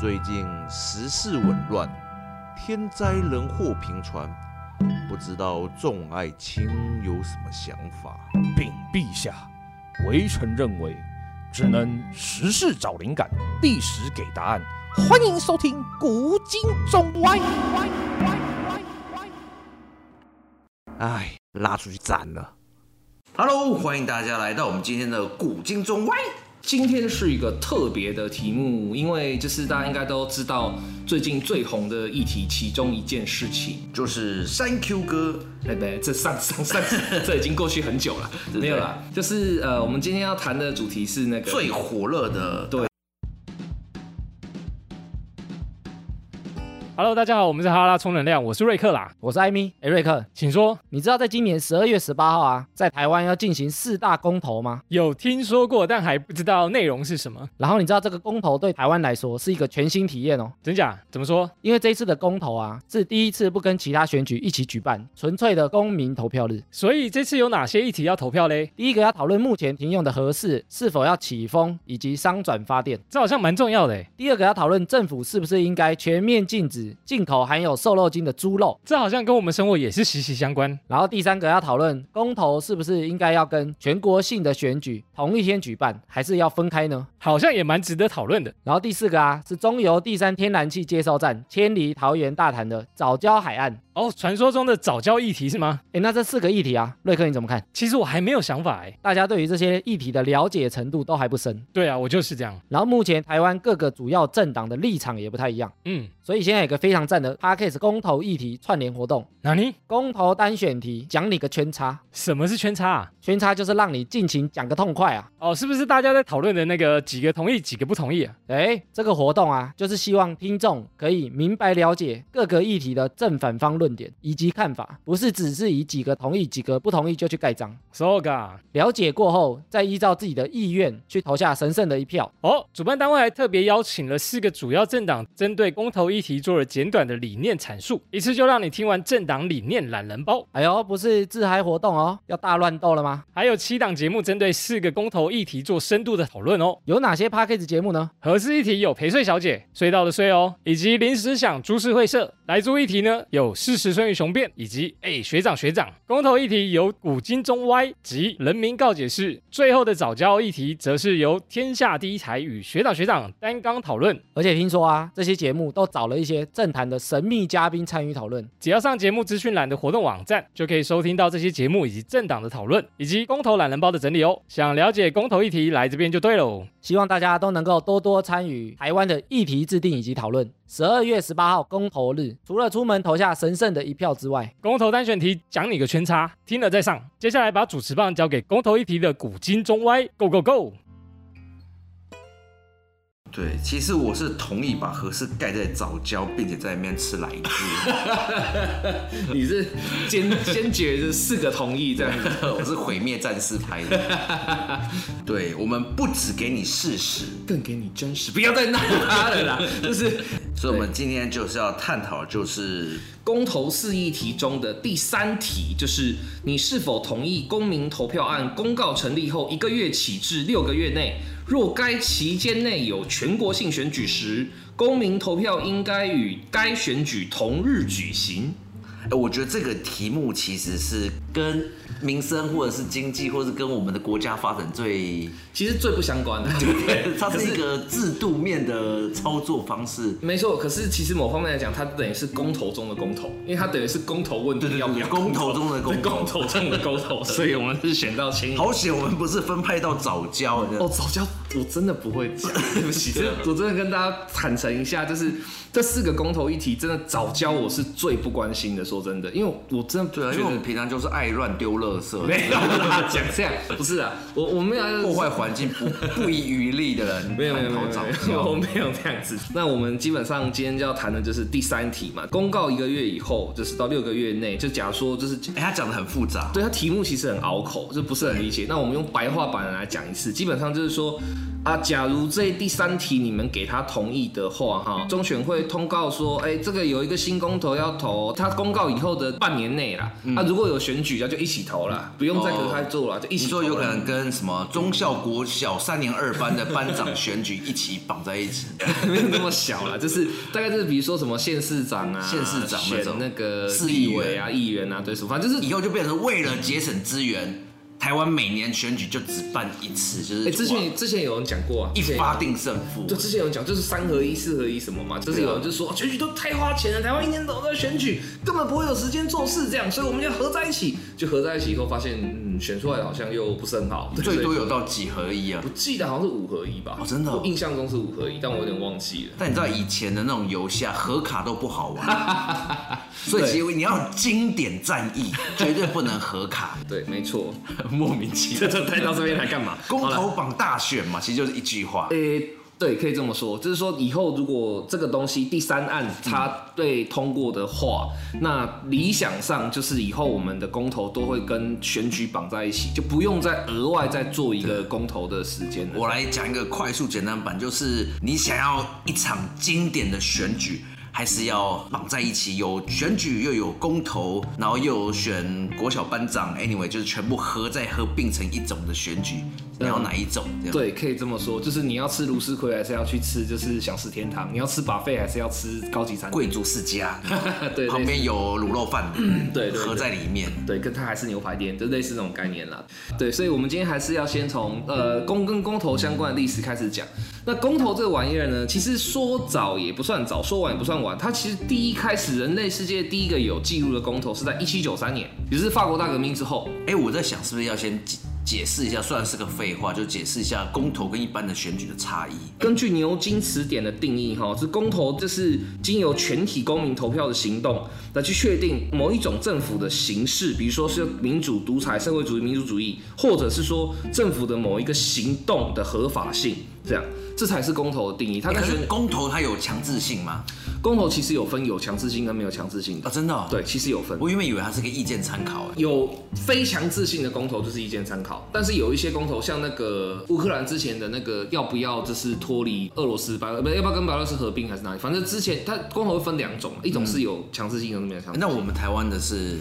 最近時事紊亂，天災人禍頻傳，不知道眾愛卿有什麼想法？稟陛下，微臣認為，只能時事找靈感，歷史給答案。歡迎收聽《古今中外》。哎，拉出去斬了！Hello，歡迎大家來到我們今天的《古今中外》。今天是一個特別的題目，因為就是大家應該都知道最近最紅的議題，其中一件事情就是三 Q 哥。哎不對，這上上上，這已經過去很久了，沒有啦。對對就是呃，我們今天要談的主題是那個最火熱的對。Hello，大家好，我們是哈啦充能量，我是瑞克啦，我是艾米。誒、欸、瑞克，請說，你知道在今年十二月十八號啊，在台灣要進行四大公投嗎？有聽說過，但還不知道內容是什麼。然後你知道這個公投對台灣來說是一個全新體驗哦？真假？怎麼說？因為這次的公投啊，是第一次不跟其他選舉一起舉辦，純粹的公民投票日。所以這次有哪些議題要投票嘞？第一個要討論目前停用的核四是否要啟封，以及商轉發電，這好像蠻重要的誒。第二個要討論政府是不是應該全面禁止。進口含有瘦肉精的豬肉，這好像跟我們生活也是息息相關。然後第三個要討論，公投是不是應該要跟全國性的選舉同一天舉辦，還是要分開呢？好像也蠻值得討論的。然後第四個啊，是中油第三天然氣接收站遷離桃園大潭的藻礁海岸。哦，傳說中的藻礁議題是嗎？誒，那這四個議題啊，瑞克你怎麼看？其實我還沒有想法誒，大家對於這些議題的了解程度都還不深。對啊，我就是這樣。然後目前台灣各個主要政黨的立場也不太一樣。嗯，所以現在有個。非常贊的 podcast 公投議題串聯活動，哪泥？公投單選題，講你個圈叉。什麼是圈叉啊？圈叉就是讓你盡情講個痛快啊！哦，是不是大家在討論的那個幾個同意幾個不同意啊？誒、欸，這個活動啊，就是希望聽眾可以明白了解各個議題的正反方論點以及看法，不是只是以幾個同意幾個不同意就去蓋章。So ga，啊，了解過後再依照自己的意願去投下神聖的一票。哦，主辦單位還特別邀請了四個主要政黨，針對公投議題做了。簡短的理念闡述，一次就讓你聽完政黨理念懶人包。哎呦，不是自嗨活動哦，要大亂鬥了嗎？還有七檔節目針對四個公投議題做深度的討論哦。有哪些 Podcast 的節目呢？核四議題有陪睡小姐、睡到的睡哦，以及臨時想諸事會社萊豬議題呢？有事實勝於雄辯以及哎學長學長。公投議題有古今中歪及人民告解室。最後的藻礁議題則是由天下第一台與學長學長擔綱討論。而且聽說啊，這些節目都找了一些。政壇的神秘嘉賓參與討論，只要上節目資訊欄的活動網站，就可以收聽到這些節目以及政黨的討論，以及公投懶人包的整理哦。想了解公投議題，來這邊就對嘍。希望大家都能夠多多參與台灣的議題制定以及討論。十二月十八號公投日，除了出門投下神聖的一票之外，公投單選題講你個圈叉，聽了再上。接下來把主持棒交給公投議題的古今中外，Go Go Go！對，其實我是同意把核四蓋在藻礁，並且在裡面吃奶 你是堅堅決是四個同意這樣子，我是毀滅戰士拍的。對，我們不只給你事實，更給你真實。不要再鬧他了啦，就是。對所以，我們今天就是要探討，就是公投四議題中的第三題，就是你是否同意公民投票案公告成立後一個月起至六個月內。若該期間內有全國性選舉時，公民投票應該與該選舉同日舉行。欸，我覺得這個題目其實是跟民生或者是經濟，或者是跟我們的國家發展最其實最不相關的，對不對？是它是一個制度面的操作方式。沒錯，可是其實某方面來講，它等於是公投中的公投，嗯，因為它等於是公投問題公投中的公公投中的公投。公投公投 所以我們是選到青。好險，我們不是分派到早教 哦，早教。我真的不會講，對不起，這我真的跟大家坦誠一下，就是這四個公投議題，真的早教我是最不關心的。說真的，因為我真的對，因為我們平常就是愛亂丟垃圾，沒有講這樣，不是啊，我我沒有破壞環境不不遺餘力的人，沒有沒有沒有，我沒有這樣子。那我們基本上今天就要談的就是第三題嘛，公告一個月以後，就是到六個月內，就假如說就是，哎，他講得很複雜，對，他題目其實很拗口，就不是很理解。那我們用白話版來講一次，基本上就是說。啊，假如這第三題你們給他同意的話，哈，中選會通告說，哎、欸，這個有一個新公投要投，他公告以後的半年內啦，嗯啊，如果有選舉就，就一起投了，不用再分開做了，就一起。你說有可能跟什麼中校、國小三年二班的班長選舉一起綁在一起， 沒有那麼小了，就是大概就是比如說什麼縣市長啊、縣市長那選那個市議委啊、議員，議員啊，對，反正就是以後就變成為了節省資源。臺灣每年選舉就只辦一次，就是。之前之前有人講過啊，一發定勝負。就之前有人講，就是三合一、四合一什麼嘛，就是有人就說選舉都太花錢了，臺灣一年都在選舉，根本不會有時間做事這樣，所以我們就合在一起，就合在一起以後發現，嗯，選出來好像又不是很好，最多有到幾合一啊？我記得好像是五合一吧。哦，真的？我印象中是五合一，但我有點忘記了。但你知道以前的那種遊戲啊，合卡都不好玩，所以結尾你要有經典戰役，絕對不能合卡。對，沒錯。莫名其妙， 帶到這邊來幹嘛？ 公投綁大選嘛，了其實就是一句話。誒、欸，對，可以這麼說，就是說以後如果這個東西第三案它對通過的話，嗯、那理想上就是以後我們的公投都會跟選舉綁在一起，就不用再額外再做一個公投的時間。我來講一個快速簡單版，就是你想要一場經典的選舉。還是要綁在一起，有選舉又有公投，然後又有選國小班長，anyway 就是全部合在合併成一種的選舉。嗯、要哪一種？這樣？對，可以這麼說，就是你要吃盧濕葵，還是要去吃就是小吃天堂？你要吃把費，還是要吃高級餐？貴族世家， 對旁邊有滷肉飯對、嗯，對，對，對，合在裡面，對，跟它還是牛排店，就類似這種概念了。對，所以我們今天還是要先從呃公跟公投相關的歷史開始講。那公投這個玩意兒呢，其實說早也不算早，說晚也不算晚。它其實第一開始，人類世界第一個有記錄的公投是在一七九三年，也是法國大革命之後。哎、欸，我在想是不是要先解釋一下，算是個廢話，就解釋一下公投跟一般的選舉的差異。根據牛津詞典的定義，哈，這公投就是經由全體公民投票的行動來去確定某一種政府的形式，比如說是民主、獨裁、社會主義、民主主義，或者是說政府的某一個行動的合法性。這樣，這才是公投的定義。它感覺、欸、但是公投它有強制性嗎？公投其實有分有強制性跟沒有強制性的啊、哦，真的、哦，對，其實有分。我原本以為它是個意見參考，有非強制性的公投就是意見參考，但是有一些公投，像那個烏克蘭之前的那個要不要就是脫離俄羅斯，不要不要跟白俄羅斯合併還是哪裡，反正之前它公投會分兩種，一種是有強制性的，沒有強制性、嗯欸。那我們台灣的是？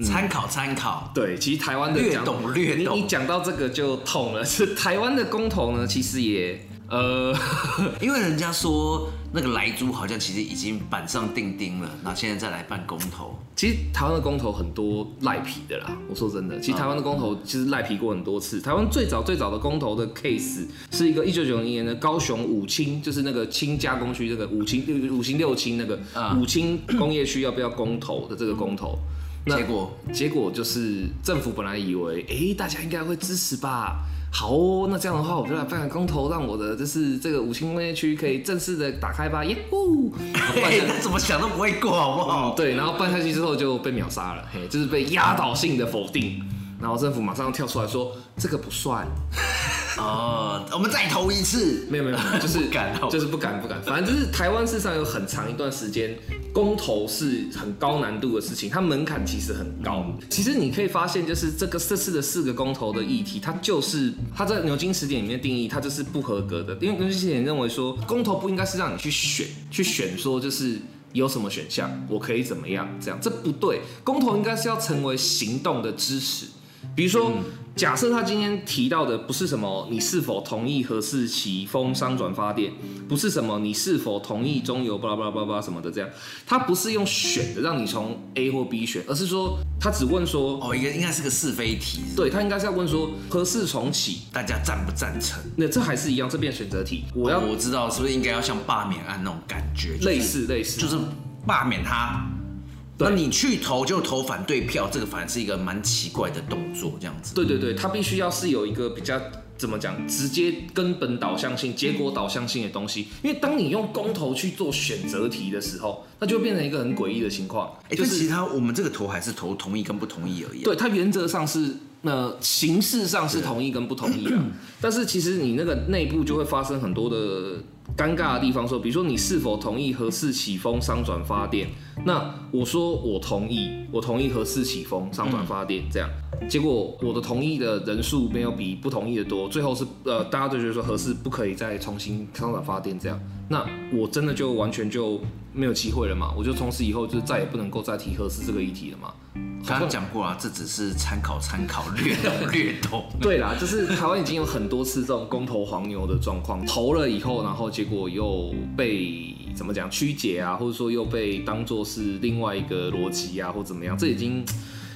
參、嗯、考參考，對，其實台灣的略懂略懂，略懂。你講到這個就痛了。是台灣的公投呢，其實也呃，因為人家說那個萊豬，好像其實已經板上釘釘了，那現在再來辦公投，其實台灣的公投很多賴皮的啦，我說真的，其實台灣的公投其實賴皮過很多次。台灣最早最早的公投的 case 是一個一九九零年的高雄五輕，就是那個輕加工區、那個，這個五輕五輕六輕那個五輕工業區要不要公投的這個公投那結果，結果就是政府本來以為，哎、欸，大家應該會支持吧？好哦，那這樣的話，我就來辦個公投，讓我的就是這個五星工業區可以正式的打開吧？嗯、耶不，他怎麼想都不會過，好不好、嗯？對，然後辦下去之後就被秒殺了，嘿，就是被壓倒性的否定。然後政府馬上跳出來說，這個不算。 哦，uh, 我們再投一次？ 沒有沒有，就是不敢，就是不敢不敢。反正就是台灣史上有很長一段時間，公投是很高難度的事情，它門檻其實很高。其實你可以發現，就是這個這次的四個公投的議題，它就是它在牛津詞典裡面定義，它就是不合格的。因為牛津詞典認為說，公投不應該是讓你去選，去選說就是有什麼選項，我可以怎麼樣這樣，這不對。公投應該是要成為行動的支持。比如說，假設他今天提到的不是什麼你是否同意核四啟封商轉發電，不是什麼你是否同意中油巴拉巴拉巴拉什麼的這樣，他不是用選的讓你從 A 或 B 選，而是說他只問說，哦，一個應該是個是非題，對他應該是要問說，核四重啟大家贊不贊成？那這還是一樣，這變選擇題。我要我知道是不是應該要像罷免案那種感覺？類似類似，就是罷免他。那你去投就投反對票，這個反而是一個蠻奇怪的動作，這樣子。對對對，他必須要是有一個比較怎麼講，直接根本導向性、結果導向性的東西，因為當你用公投去做選擇題的時候。那就變成一個很詭異的情況。欸就是其他我們這個頭還是投同意跟不同意而已，啊。對，它原則上是那，呃，形式上是同意跟不同意的，啊，對但是其實你那個內部就會發生很多的尷尬的地方。說，比如說你是否同意何氏起封商轉發電核四啟封商轉發電？那我說我同意，我同意核四啟封商轉發電這樣。嗯，結果我的同意的人數沒有比不同意的多，最後是呃大家都覺得說核四不可以再重新商轉發電這樣。那我真的就完全就沒有機會了嘛？我就從此以後就再也不能夠再提核四這個議題了嘛？剛剛講過啊，像這只是參考參考，略懂略懂 對啦，就是台灣已經有很多次這種公投黃牛的狀況，投了以後，然後結果又被怎麼講曲解啊，或者說又被當作是另外一個邏輯啊，或怎麼樣，這已經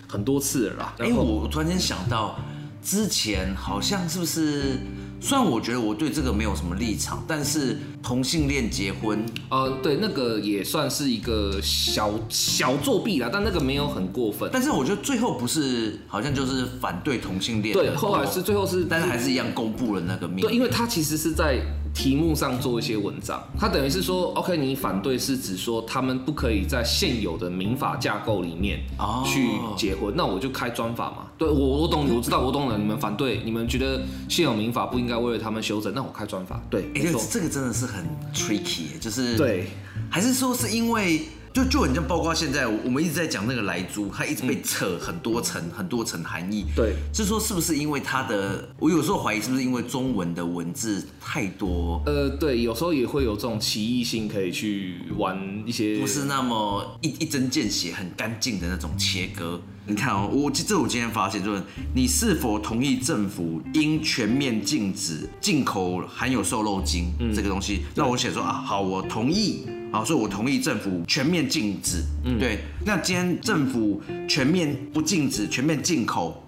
很多次了啦。因為我突然間想到之前好像是不是？雖然我覺得我對這個沒有什麼立場，但是同性戀結婚，呃，對，那個也算是一個小小作弊啦，但那個沒有很過分。但是我覺得最後不是好像就是反對同性戀，對，後來是最後是，哦、但是還是一樣公布了那個命、就是。對，因為他其實是在。題目上做一些文章，他等於是說，OK，你反對是指說他們不可以在現有的民法架構裡面去結婚，oh. 那我就開專法嘛。對，我我懂你，我知道我懂了。你們反對，你們覺得現有民法不應該為了他們修正，那我開專法對、欸。對，這個真的是很 tricky，就是對，還是說是因為？就就很像，包括現在我們一直在講那個萊豬，它一直被扯很多層、嗯、很多層含義。對，是說是不是因為它的？我有時候懷疑是不是因為中文的文字太多。呃，對，有時候也會有這種歧義性，可以去玩一些，不是那麼一一針見血、很乾淨的那種切割。嗯、你看哦、喔，我這我今天發現，就是你是否同意政府應全面禁止進口含有瘦肉精這個東西？那、嗯、我寫說對啊，好，我同意。好，所以我同意政府全面禁止。嗯、對，那今天政府全面不禁止，全面進口，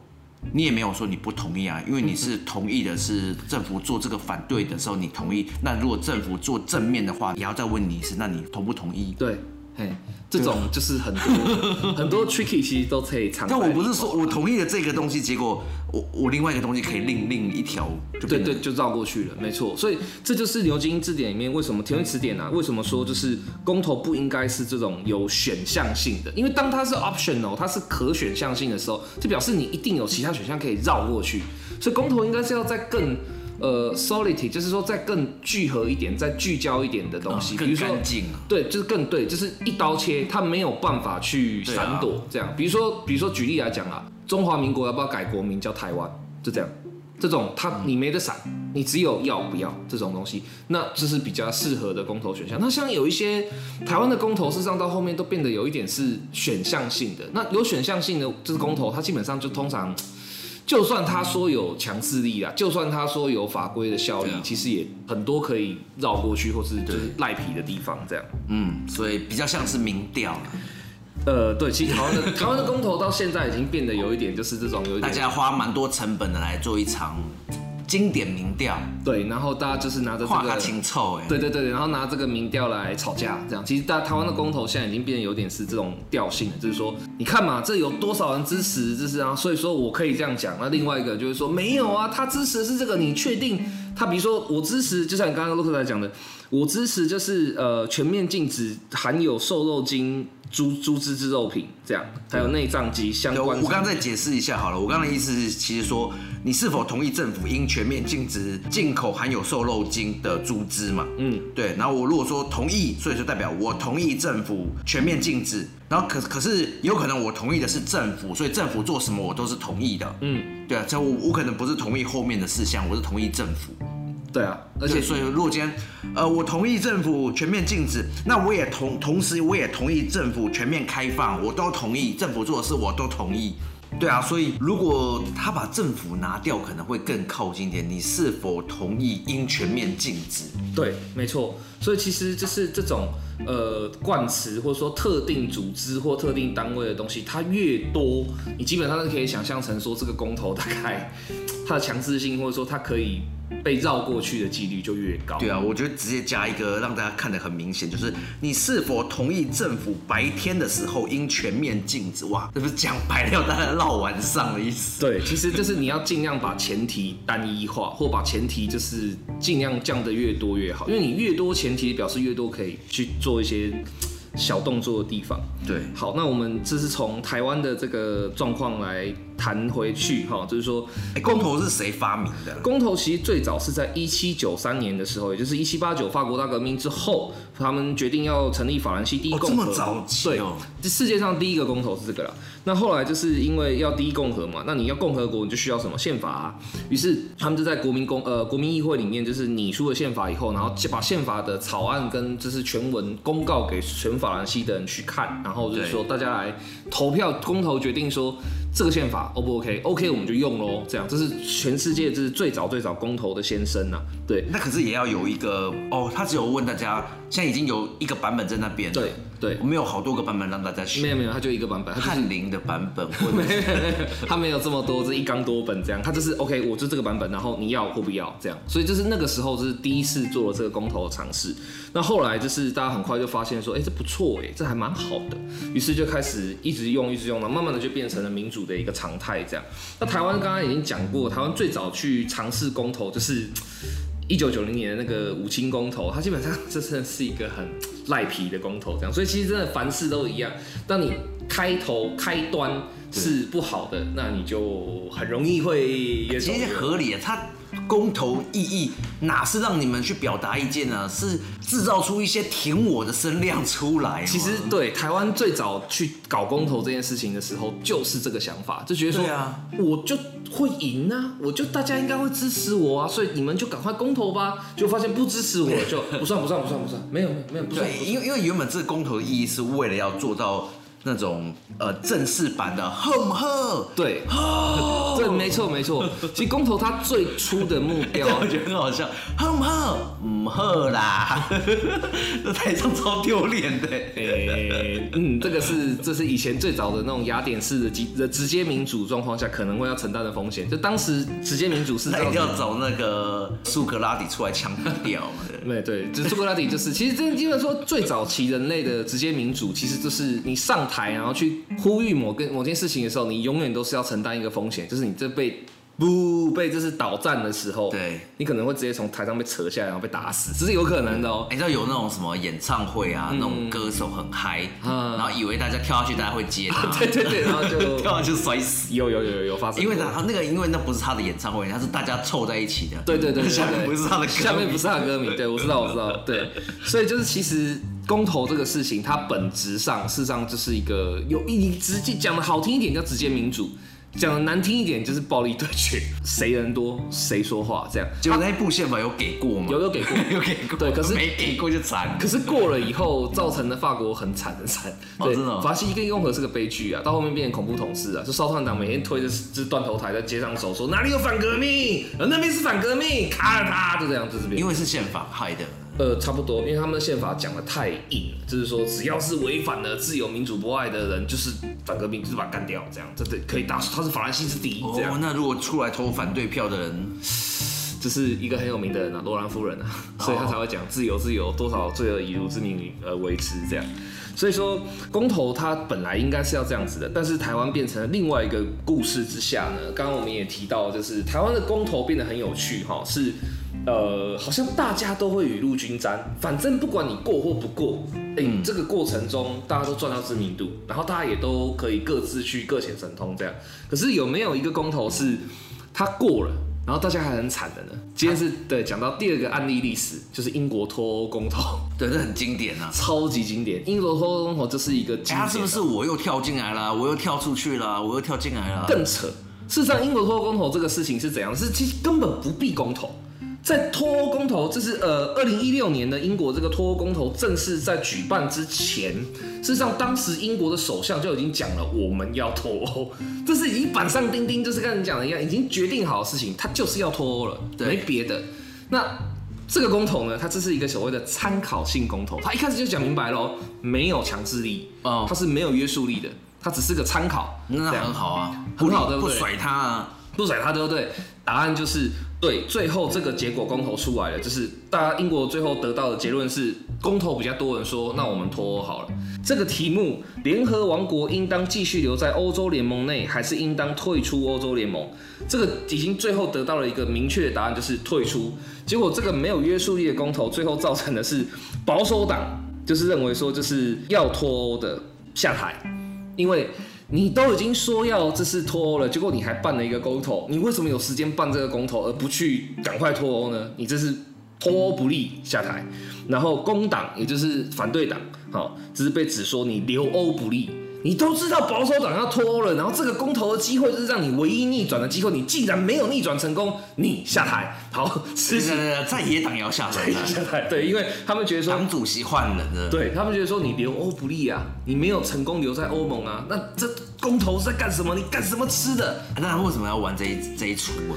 你也沒有說你不同意啊，因為你是同意的，是政府做這個反對的時候你同意。那如果政府做正面的話，也要再問你一次，那你同不同意？對。哎，這種就是很多 很多 tricky，其實都可以嘗試，但我不是說我同意了這個東西，結果我我另外一個東西可以另、嗯、另一條，對，對對，就繞過去了，沒錯。所以這就是牛津字典裡面為什麼權威詞典啊？對 為什麼說就是公投不應該是這種有選項性的？因為當它是 optional，它是可選項性的時候，就表示你一定有其他選項可以繞過去。所以公投應該是要在更。呃，solidity 就是說再更聚合一點、再聚焦一點的東西，嗯、比如說，啊、對，就是更對，就是一刀切，它沒有辦法去閃躲、啊、這樣。比如說，比如說舉例來講啊，中華民國要不要改國名叫台灣？就這樣，這種它你沒得閃，嗯、你只有要不要這種東西，那這是比較適合的公投選項。那像有一些台灣的公投，事實上到後面都變得有一點是選項性的。那有選項性的就是公投，嗯、它基本上就通常。就算他說有強制力啊，就算他說有法規的效力，樣其實也很多可以繞過去或是就是賴皮的地方，這樣。嗯，所以比較像是民調了，嗯。呃，對，其實台灣的 台灣的公投到現在已經變得有一點就是這種有一點，有大家花蠻多成本的來做一場經典民調，對，然後大家就是拿着這個，畫他清臭，哎，對對對，然後拿這個民調來吵架，這樣。其實台台灣的公投現在已經變得有點是這種調性了，就是說，你看嘛，這有多少人支持，就是啊，所以說我可以這樣講。那另外一個就是說，沒有啊，他支持是這個，你確定他，比如說我支持，就像你剛剛陸克來講的。我支持，就是呃，全面禁止含有瘦肉精、豬豬隻之肉品，這樣，還有內臟及相關、嗯。我剛剛再解釋一下好了，我剛剛的意思是，其實說你是否同意政府應全面禁止進口含有瘦肉精的豬隻嘛？嗯，對。然後我如果說同意，所以就代表我同意政府全面禁止。然後可可是有可能我同意的是政府，所以政府做什麼我都是同意的。嗯，對啊，所以我我可能不是同意後面的事項，我是同意政府。對啊，而且所以若間，呃，我同意政府全面禁止，那我也同同時我也同意政府全面開放，我都同意政府做的事，我都同意。對啊，所以如果他把政府拿掉，可能會更靠近一點。你是否同意應全面禁止？對，沒錯。所以其實就是這種呃冠詞或者說特定組織或特定單位的東西，它越多，你基本上都可以想象成說這個公投大概它的強制性或者說它可以。被繞過去的幾率就越高。對啊，我覺得直接加一個，讓大家看得很明顯，就是你是否同意政府白天的時候應全面禁止。哇，這不是講白了大家鬧晚上的意思？對，其實就是你要盡量把前提單一化， 或把前提就是盡量降得越多越好，因為你越多前提，表示越多可以去做一些小動作的地方。對，好，那我們這是從台灣的這個狀況來彈回去哈，就是說，欸、公投是誰發明的？公投其實最早是在一七九三年的時候，也就是一七八九法國大革命之後，他們決定要成立法蘭西第一共和，哦、這麼早對哦，這世界上第一個公投是這個了。那後來就是因為要第一共和嘛，那你要共和國你就需要什麼憲法啊？於是他們就在國民公呃國民議會裡面，就是擬出了憲法以後，然後就把憲法的草案跟就是全文公告給全法蘭西的人去看，然後就是說大家來投票對公投決定說。這個憲法 O 不 OK？OK 我們就用咯。這樣，這是全世界這是最早最早公投的先生吶、啊。對，那可是也要有一個哦。他只有問大家，現在已經有一個版本在那邊了。對。對，我沒有好多個版本讓大家去。沒有沒有，他就一個版本，翰、就是、林的版本，他 沒,沒,沒,沒有這麼多這一綱多本這樣，他就是 OK，我就這個版本，然後你要或不要這樣，所以就是那個時候就是第一次做了這個公投的嘗試，那後來就是大家很快就發現說，哎、欸，這不錯哎，這還蠻好的，於是就開始一直用一直用嘛，然後慢慢的就變成了民主的一個常態這樣。那台灣剛剛已經講過，台灣最早去嘗試公投就是一九九零年的那個五輕公投，它基本上這是一個很。賴皮的公投這樣，所以其實真的凡事都一樣。當你開頭、開端是不好的，對那你就很容易會有是、啊。其實合理、啊，它公投意義哪是讓你們去表達意見呢、啊？是制造出一些挺我的聲量出來。其實對台灣最早去搞公投這件事情的時候，就是這個想法，就覺得說，對啊，我就。會贏啊！我就大家應該會支持我啊，所以你們就趕快公投吧。就發現不支持我，就不算不算不算不算，沒有沒有不算，不，算不算。對，因為因為原本這個公投的意義是為了要做到。那種呃正式版的哼哼，呵呵對，對呵，這沒錯沒錯。其實公投他最初的目標、啊欸，我覺得很好笑，哼哼，唔、嗯、哼呵啦，那 台上超丟臉的，的。哎、欸，欸欸、嗯，這個是這是以前最早的那種雅典式的直直接民主狀況下，可能會要承擔的風險。就當時直接民主是要找那個蘇格拉底出來槍斃啊？對對，就蘇格拉底，就是其實真，因為說最早期人類的直接民主，其實就是你上台。台，然後去呼籲某個某件事情的時候，你永遠都是要承擔一個風險，就是你這被不被這是倒戰的時候，對，你可能會直接從台上被扯下來，然後被打死，只是有可能的。哦，知道、嗯欸、有那種什麼演唱會啊，嗯、那種歌手很嗨、嗯，嗯、然後以為大家跳下去，大家會接、啊，對對對，然後就 跳下去摔死，有有有有有發生，因為然後那個，因為那不是他的演唱會，他是大家湊在一起的，對對對，對對對，下面不是他的歌，下面不是他的歌名，對我知道我知道，知道 對，所以就是其實。公投這個事情，它本質上、事實上就是一個有你直接講的好聽一點叫直接民主，講的難聽一點就是暴力對決，誰人多誰說話這樣。就他那一部憲法有給過嗎？有有給過？有給過。 給過對，可是沒給過就慘。可是過了以後造成了法國很慘很慘。 對、哦哦、法蘭西第一共和是個悲劇啊，到後面變成恐怖統治啊。就少壯黨每天推着這斷頭台在街上走說，說哪裡有反革命？那邊是反革命，砍了他，就這樣，就這、是、樣。因為是憲法害的。呃，差不多，因為他們的憲法講的太硬，就是說只要是違反了自由民主博愛的人，就是反革命，就是把他幹掉，這樣，這這可以打，他是法蘭西之敵這樣、哦、那如果出來投反對票的人，這是一個很有名的人、啊，羅蘭夫人啊，哦、所以他才會講自由自由多少罪惡以如之名而維持這樣，所以說公投他本來應該是要這樣子的，但是台灣變成了另外一個故事之下呢，剛剛我們也提到，就是台灣的公投變得很有趣哈、哦，是。呃，好像大家都會雨露均沾，反正不管你過或不過，欸、嗯，這個過程中大家都賺到知名度，然後大家也都可以各自去各顯神通這樣。可是有沒有一個公投是他過了，然後大家還很慘的呢？今天是唉對，講到第二個案例歷史，就是英國脫歐公投，對，這很經典啊，超級經典。英國脫歐公投這是一個經典、啊欸，他是不是我又跳進來了，我又跳出去了，我又跳進來了？更扯！事實上，英國脫歐公投這個事情是怎樣？是其實根本不必公投。在脫歐公投，這是呃，二零一六年的英國這個脫歐公投正式在舉辦之前，事實上當時英國的首相就已經講了，我們要脫歐，這是已經板上釘釘，就是跟你講的一樣，已經決定好的事情，他就是要脫歐了，對沒別的。那這個公投呢，它這是一個所謂的參考性公投，他一開始就講明白嘍，沒有強制力啊，它是沒有約束力的，它只是個參考。嗯、樣那很好啊，不很好對不對，的。不不甩他啊，不甩他對不對，答案就是。對，最後這個結果公投出來了，就是大家英國最後得到的結論是，公投比較多人說，那我們脫歐好了。這個題目，聯合王國應當繼續留在歐洲聯盟內，還是應當退出歐洲聯盟？這個已經最後得到了一個明確的答案，就是退出。結果這個沒有約束力的公投，最後造成的是保守黨就是認為說就是要脫歐的下台，因為。你都已經說要這次脫歐了，結果你還辦了一個公投，你為什麼有時間辦這個公投而不去趕快脫歐呢？你這是脫歐不利下台，然後工黨也就是反對黨，好，這是被指說你留歐不利。你都知道保守黨要脫歐了，然後這個公投的機會就是讓你唯一逆轉的機會，你既然沒有逆轉成功，你下台。好，吃吃 是是是，在野黨要下台。下台對，因為他們覺得說黨主席換人了，對他們覺得說你留歐不利啊，你沒有成功留在歐盟啊，那這公投是在幹什麼？你幹什麼吃的？啊、那他為什麼要玩這一這一出、啊？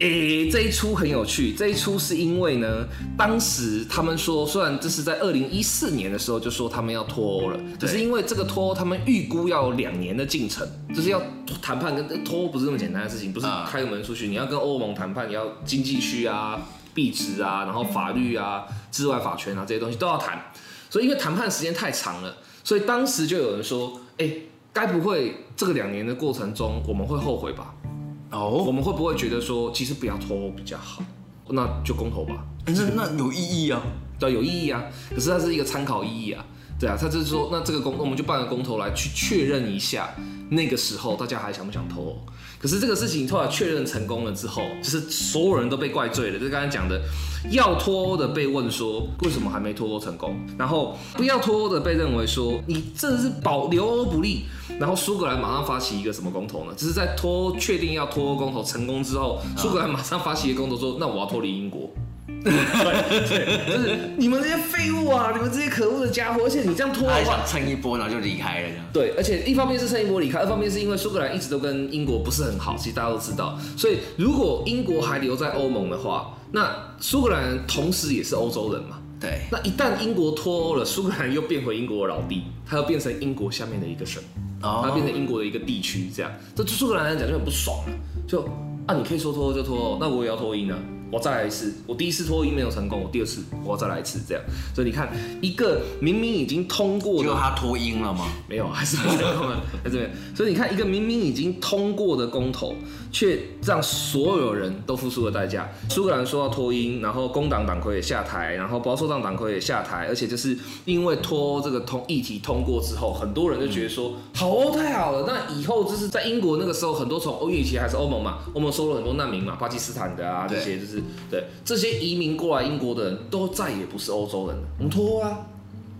哎、欸，這一出很有趣。這一出是因為呢，當時他們說，雖然這是在二零一四年的時候就說他們要脫歐了，對可是因為這個脫歐，他們預估要有兩年的進程，嗯、就是要談判跟脫歐不是這麼簡單的事情，不是開個門出去，嗯、你要跟歐盟談判，你要經濟區啊、幣值啊，然後法律啊、治外法權啊這些東西都要談，所以因為談判時間太長了，所以當時就有人說，哎、欸，該不會這個兩年的過程中我們會後悔吧？哦，oh. 我們會不會覺得說，其實不要脫歐比較好？那就公投吧，欸。那那有意義啊，對，有意義啊。可是它是一個參考意義啊，對啊，他就是說，那這個公，我們就辦個公投來去確認一下，那個時候大家還想不想脫歐？可是這個事情後來確認成功了之後，就是所有人都被怪罪了。就是剛才講的，要脫歐的被問說為什麼還沒脫歐成功，然後不要脫歐的被認為說你這是保留歐不利，然後蘇格蘭馬上發起一個什麼公投呢？只是在脫歐確定要脫歐公投成功之後，蘇格蘭馬上發起一個公投說，那我要脫離英國。 對，對，就是你們這些廢物啊，你們這些可惡的家伙，而且你這樣脫的話，還想蹭一波，然後就離開了這樣。對，而且一方面是蹭一波離開，另一、嗯、方面是因為蘇格蘭一直都跟英國不是很好，其實大家都知道。所以如果英國還留在歐盟的話，那蘇格蘭同時也是歐洲人嘛。對，那一旦英國脫歐了，蘇格蘭又變回英國的老弟，他又變成英國下面的一個省，他、哦、變成英國的一個地區，這樣，這對蘇格蘭來講就很不爽了、啊。就啊，你可以說脫歐就脫歐，那我也要脫英呢、啊。我再來一次，我第一次脫英沒有成功，我第二次我要再來一次，這樣，所以你看一個明明已經通過，就他脫英了嗎？沒有，還是沒通過在這邊。所以你看一個明明已經通過的公投，卻讓所有人都付出了代價。蘇格蘭說要脫英，然後工黨黨魁也下台，然後保守黨黨魁也下台，而且就是因為脫這個通議題通過之後，很多人就覺得說好、嗯、太好了，那以後就是在英國那個時候，很多從歐以前還是歐盟嘛，歐盟收了很多難民嘛，巴基斯坦的啊這些就是。對，這些移民過來英國的人都再也不是歐洲人了，你脫啊！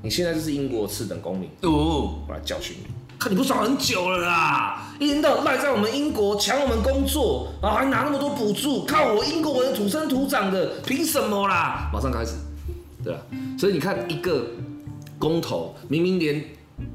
你現在就是英國的次等公民，哦、我來教訓你，看你不爽很久了啦！一天到晚賴在我們英國搶我們工作，然後還拿那麼多補助，靠我英國人土生土長的，憑什麼啦？馬上開始，對啊，所以你看一個公投，明明連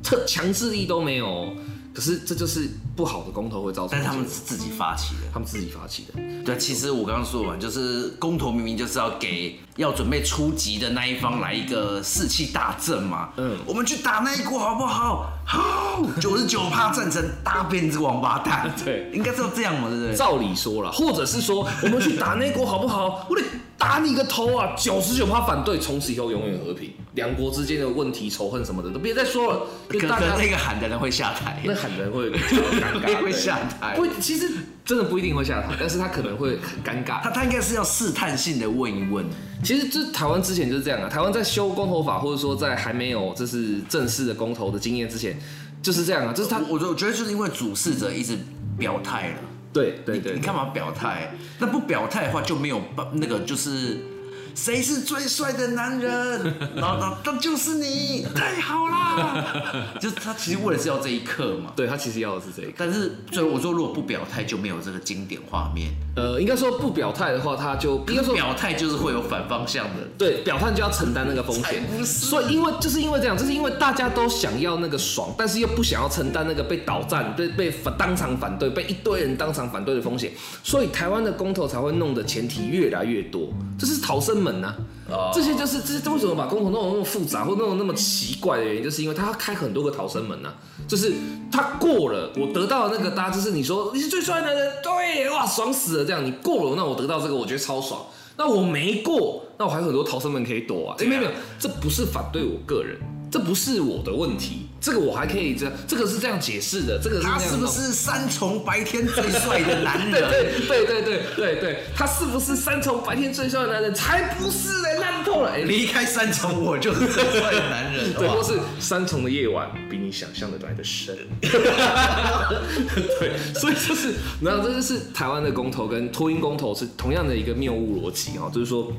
特強制力都沒有。可是這就是不好的公投會造成，但是他們是自己發起的，他們自己發起的。對，其實我剛剛說完，就是公投明明就是要給要準備出擊的那一方來一個士氣大振嘛。嗯，我們去打那一國好不好？好、哦，九十九趴戰爭大便子王八蛋。 對，應該是要這樣嘛，對不對？照理說了，或者是說，我們去打那一國好不好？我的打你個頭啊！九十九趴反對，從此以後永遠和平。兩國之間的問題、仇恨什麼的都別再說了。可能那個喊的人會下台，那喊的人會比較尷尬 會下台。不，其實真的不一定會下台，但是他可能會很尷尬。他他應該是要試探性的問一問。其實這台灣之前就是這樣啊。台灣在修公投法，或者說在還沒有就是正式的公投的經驗之前，就是這樣啊。就是他，我我覺得就是因為主事者一直表態了。對對對，對，你幹嘛表態？那不表態的話就沒有辦那個就是。誰是最帥的男人？然後，那那就是你，太 好啦！就他其實為了是要這一刻嘛，對他其實要的是這個。但是，所以我說，如果不表態就沒有這個經典畫面。呃，應該說不表態的話，他就應該說表態就是會有反方向的。對，表態就要承擔那個風險。所以，因為就是因為這樣，就是因為大家都想要那個爽，但是又不想要承擔那個被倒讚、被被反、當場反對、被一堆人當場反對的風險，所以台灣的公投才會弄的前提越來越多。這是逃生門呢？啊，這些就是這些，為什麼把工程弄得那麼複雜或弄得那麼奇怪的原因，就是因為他要開很多個逃生門呢、啊。就是他過了，我得到的那個答，大家就是你說你是最帥的男人，對，哇，爽死了！這樣你過了，那我得到這個，我覺得超爽。那我沒過，那我還有很多逃生門可以躲啊。哎、欸，沒有沒有，這不是反對我個人，這不是我的問題。這個我還可以這樣，這這個是這樣解釋的，這個是這。他是不是三重白天最帥的男人？ 對，對，對對對對對對他是不是三重白天最帥的男人？才不是嘞，爛透了！離開三重，我就是最帥的男人。 對，或是 三重的夜晚比你想象的來得深。 對，所以就是，你知道，這就是台灣的公投跟脫英公投是同樣的一個謬誤邏輯哦，就是說，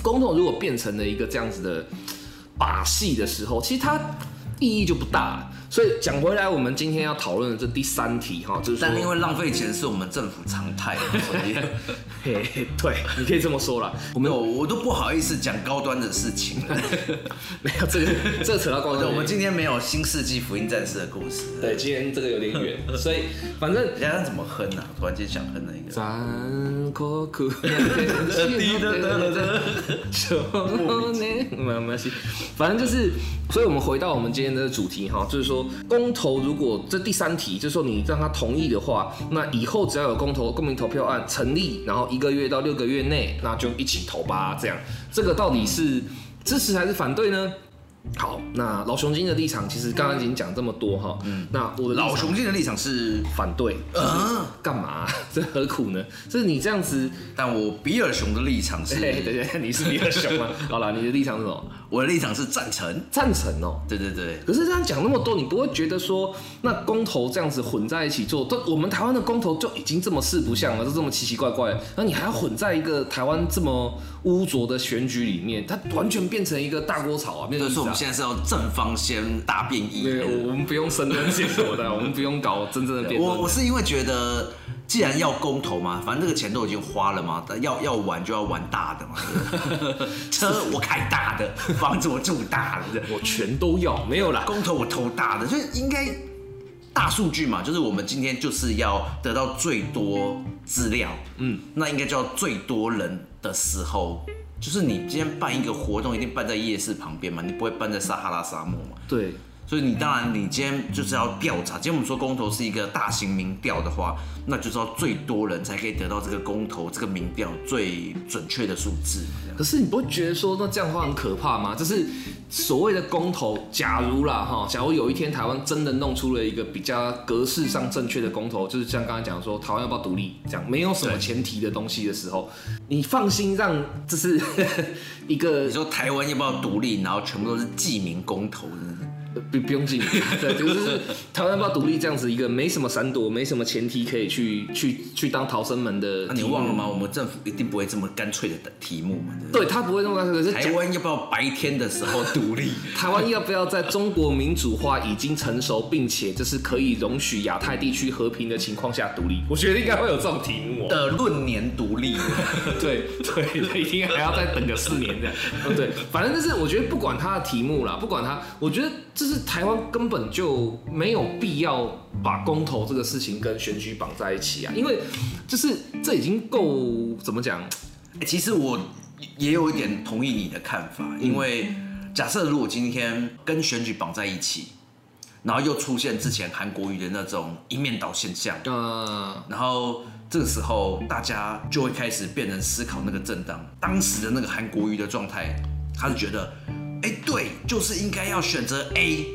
公投如果變成了一個這樣子的把戲的時候，其實他。意義就不大了。所以講回來，我們今天要討論的這第三題哈，就是，但是因為浪費錢是我們政府常態，所以 嘿嘿。對， 你可以這麼說了，我沒有，我都不好意思講高端的事情了。 沒有這個，這個、扯到高端。 我們今天沒有《新世紀福音戰士》的故事，對，今天這個有點遠。所以 反正想想怎麼哼啊，突然間想哼那一個。戰酷。沒有，沒有反正就是，所以我們回到我們今天的主題哈，就是說。公投如果這第三題，就是說你讓他同意的話，那以後只要有公投，公民投票案成立，然後一個月到六個月內，那就一起投吧。這樣，這個到底是支持還是反對呢？好，那老熊精的立場其實剛剛已經講這麼多哈。嗯。那我的老熊精的立場是反對。幹嘛？啊？這何苦呢？是你這樣子。但我比爾熊的立場是，等一下，你是比爾熊嗎？ 好了，你的立場是什麼？我的立場是贊成，贊成哦，對對對。可是這樣講那麼多，你不會覺得說，那公投這樣子混在一起做，都我們台灣的公投就已經這麼四不像了，就這麼奇奇怪怪，那你還要混在一個台灣這麼污濁的選舉裡面，它完全變成一個大鍋炒啊！沒錯、啊，我們現在是要正方先大變異。對，嗯、對我們不用神棍解說的， 我們不用搞真正的，辯的。我我是因為覺得。既然要公投嘛，反正這個錢都已經花了嘛，但要要玩就要玩大的嘛。 車我開大的， 房子我住大的，我全都要，沒有啦，公投我投大的，所以應該大數據嘛，就是我們今天就是要得到最多資料。嗯，那應該叫最多人的時候，就是你今天辦一個活動，一定辦在夜市旁邊嘛，你不會辦在撒哈拉沙漠嘛？對。所以你當然，你今天就是要調查。今天我們說公投是一個大型民調的話，那就是要最多人才可以得到這個公投這個民調最準確的數字。可是你不會覺得說那這樣的話很可怕嗎？就是所謂的公投。假如啦哈，假如有一天台灣真的弄出了一個比較格式上正確的公投，就是像剛才講說台灣要不要獨立這樣，沒有什麼前提的東西的時候，對你放心讓這是呵呵一個你說台灣要不要獨立，然後全部都是記名公投。不，不用緊對，就是台灣要不要獨立這樣子一個沒什麼閃躲、沒什麼前提可以去去去當逃生門的。啊、你忘了嗎？我們政府一定不會這麼乾脆的題目嘛，對，他不會這麼乾脆。是台灣要不要白天的時候獨立？台灣要不要在中國民主化已經成熟，並且就是可以容許亞太地區和平的情況下獨立？我覺得應該會有這種題目、喔、的論年獨立。對 對，對他一定還要再等個四年這樣。對，反正就是我覺得不管他的題目啦，不管他，我覺得。就是台灣根本就沒有必要把公投這個事情跟選舉綁在一起啊，因為就是這已經夠。怎麼講？哎、欸，其實我也有一點同意你的看法，嗯、因為假設如果今天跟選舉綁在一起，然後又出現之前韓國瑜的那種一面倒現象，嗯，然後這個時候大家就會開始變成思考那個政黨當時的那個韓國瑜的狀態，他是覺得。哎、欸，對，就是應該要選擇 A，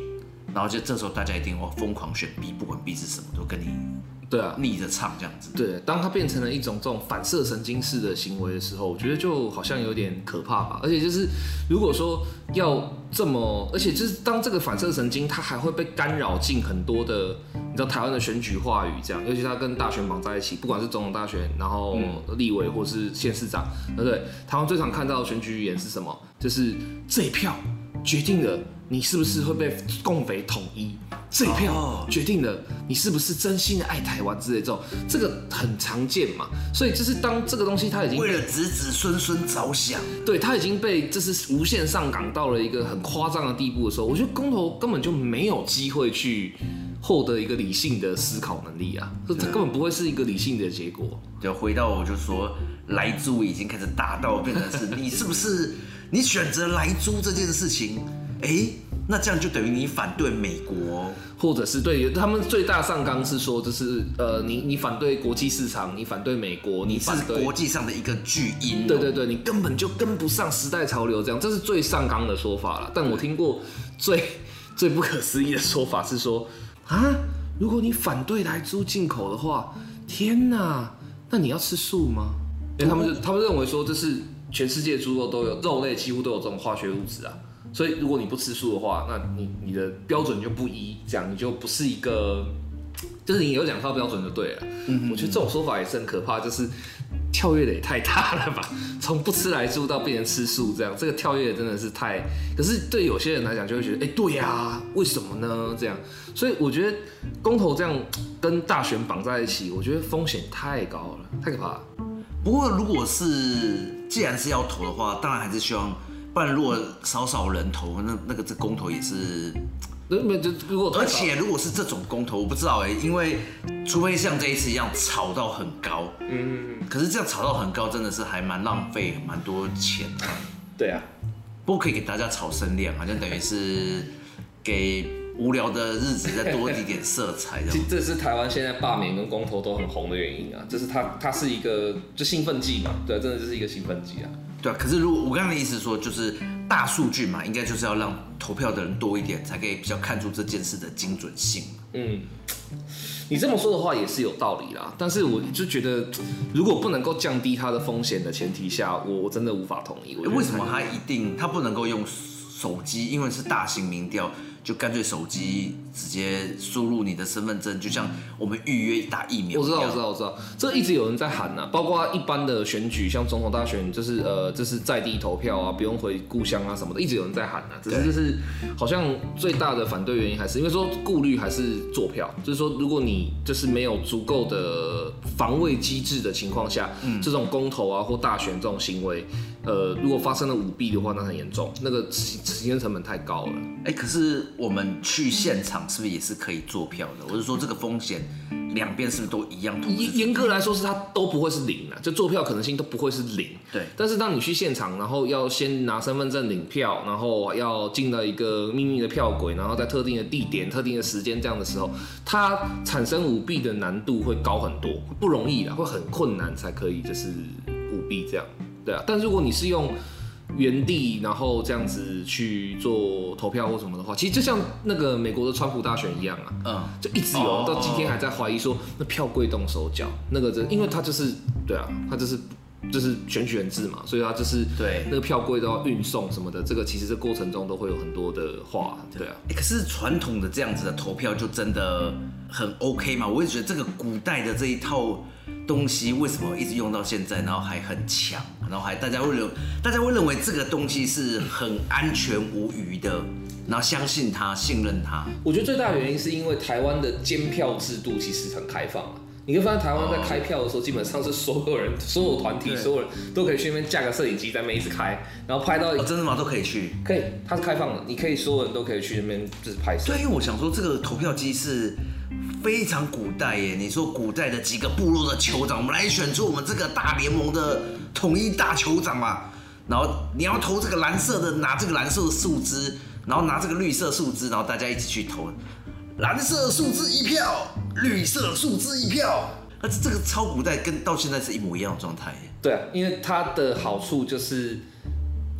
然後就這時候大家一定哦，瘋狂選 B，不管 B 是什麼都跟你。對啊，逆着唱這樣子。對，當它變成了一種這種反射神經式的行為的時候，我覺得就好像有點可怕吧。而且就是，如果說要這麼，而且就是當這個反射神經，它還會被干擾進很多的，你知道台灣的選舉話語這樣。尤其它跟大選綁在一起，不管是總統大選，然後立委或是縣市長，對、嗯、對，台灣最常看到的選舉語言是什麼？就是這一票決定了你是不是會被共匪統一。這一票決定了你是不是真心的愛台灣之類，這種這個很常見嘛，所以就是當這個東西他已經為了子子孫孫着想，對他已經被這是無限上綱到了一個很誇張的地步的時候，我覺得公投根本就沒有機會去獲得一個理性的思考能力啊，所以這根本不會是一個理性的結果。就回到我就說萊豬已經開始大到變成是，你是不是你選擇萊豬這件事情，哎。那這樣就等於你反對美國，哦，或者是對，他們最大上綱是說，就是呃，你你反對國際市場，你反對美國，你反對國際上的一個巨嬰。對對對，你根本就跟不上時代潮流，這樣這是最上綱的說法了。但我聽過最最不可思議的說法是說，啊，如果你反對萊豬進口的話，天哪，那你要吃素嗎？他們就他們認為說，這是全世界豬肉都有，肉類幾乎都有這種化學物質啊。所以，如果你不吃素的話，那你你的標準就不一，這樣你就不是一個，就是你有兩套標準就對了。嗯嗯，我覺得這種說法也是很可怕，就是跳躍的也太大了吧？從不吃萊豬到變成吃素，這樣這個跳躍真的是太……可是對有些人來講，就會覺得，哎，對呀、啊，為什麼呢？這樣，所以我覺得公投這樣跟大選綁在一起，我覺得風險太高了，太可怕了。不過，如果是既然是要投的話，當然還是希望。半落少少人頭，那那個這公投也是，就如果，而且如果是這種公投，我不知道哎、欸，因為除非像這一次一樣炒到很高，嗯，可是這樣炒到很高，真的是還蠻浪費蠻多錢的。對啊，不過可以給大家炒聲量，啊，好像等於是給無聊的日子再多一點色彩。 其實這是台灣現在罷免跟公投都很紅的原因啊，就是它它是一個就興奮劑嘛，對、啊，真的就是一個興奮劑啊。對啊，可是如果我剛才的意思說，就是大數據嘛，應該就是要讓投票的人多一點，才可以比較看出這件事的精準性。嗯，你這麼說的話也是有道理啦。但是我就覺得，如果不能夠降低它的風險的前提下，我我真的無法同意。為，為什麼他一定他不能夠用手機？因為是大型民調。就乾脆手機直接輸入你的身份證，就像我們預約打疫苗。我知道，我知道，我知道。這一直有人在喊呢、啊，包括一般的選舉，像總統大選，就是呃，就是呃，這是在地投票啊，不用回故鄉啊什麼的，一直有人在喊啊對只是，這是好像最大的反對原因還是因為說顧慮還是做票，就是說如果你就是沒有足夠的防衛機制的情況下，嗯、這種公投啊或大選這種行為。呃，如果發生了舞弊的話，那很嚴重，那個時間成本太高了。哎、欸，可是我們去現場是不是也是可以做票的？對 我是說這個風險，兩邊是不是都一樣？嚴嚴格來說是它都不會是零啊，就做票可能性都不會是零。對。但是當你去現場，然後要先拿身份證領票，然後要進到一個秘密的票軌，然後在特定的地點、特定的時間這樣的時候，它產生舞弊的難度會高很多，不容易啊，會很困難才可以就是舞弊這樣。對啊，但如果你是用原地然後這樣子去做投票或什麼的話，其實就像那個美國的川普大選一樣啊，嗯，就一直有、哦、到今天還在懷疑說那票櫃動手腳，那個就因為他就是、哦、對啊，他就是。就是選舉人制嘛，所以他就是對那個票櫃都要運送什麼的，這個其實這過程中都會有很多的話，對啊。可是傳統的這樣子的投票就真的很 OK 嘛？我也覺得這個古代的這一套東西為什麼一直用到現在，然後還很強，然後還大家會認，大家會認為這個東西是很安全無虞的，然後相信他，信任他，我覺得最大的原因是因為台灣的監票制度其實很開放啊。你會發現台灣在開票的時候，基本上是所有人、所有團體、所有人都可以去那邊架個攝影機在那邊一直開，然後拍到，真的嗎？都可以去。可以，它是開放的，你可以所有人都可以去那邊就是拍攝。對，所以我想說，這個投票機是非常古代耶。你說古代的幾個部落的酋長，我們來選出我們這個大聯盟的統一大酋長嘛？然後你要投這個藍色的，拿這個藍色的樹枝，然後拿這個綠色樹枝，然後大家一起去投。藍色數字一票，綠色數字一票。但這個超古代跟到現在是一模一樣的狀態。對啊，因為它的好處就是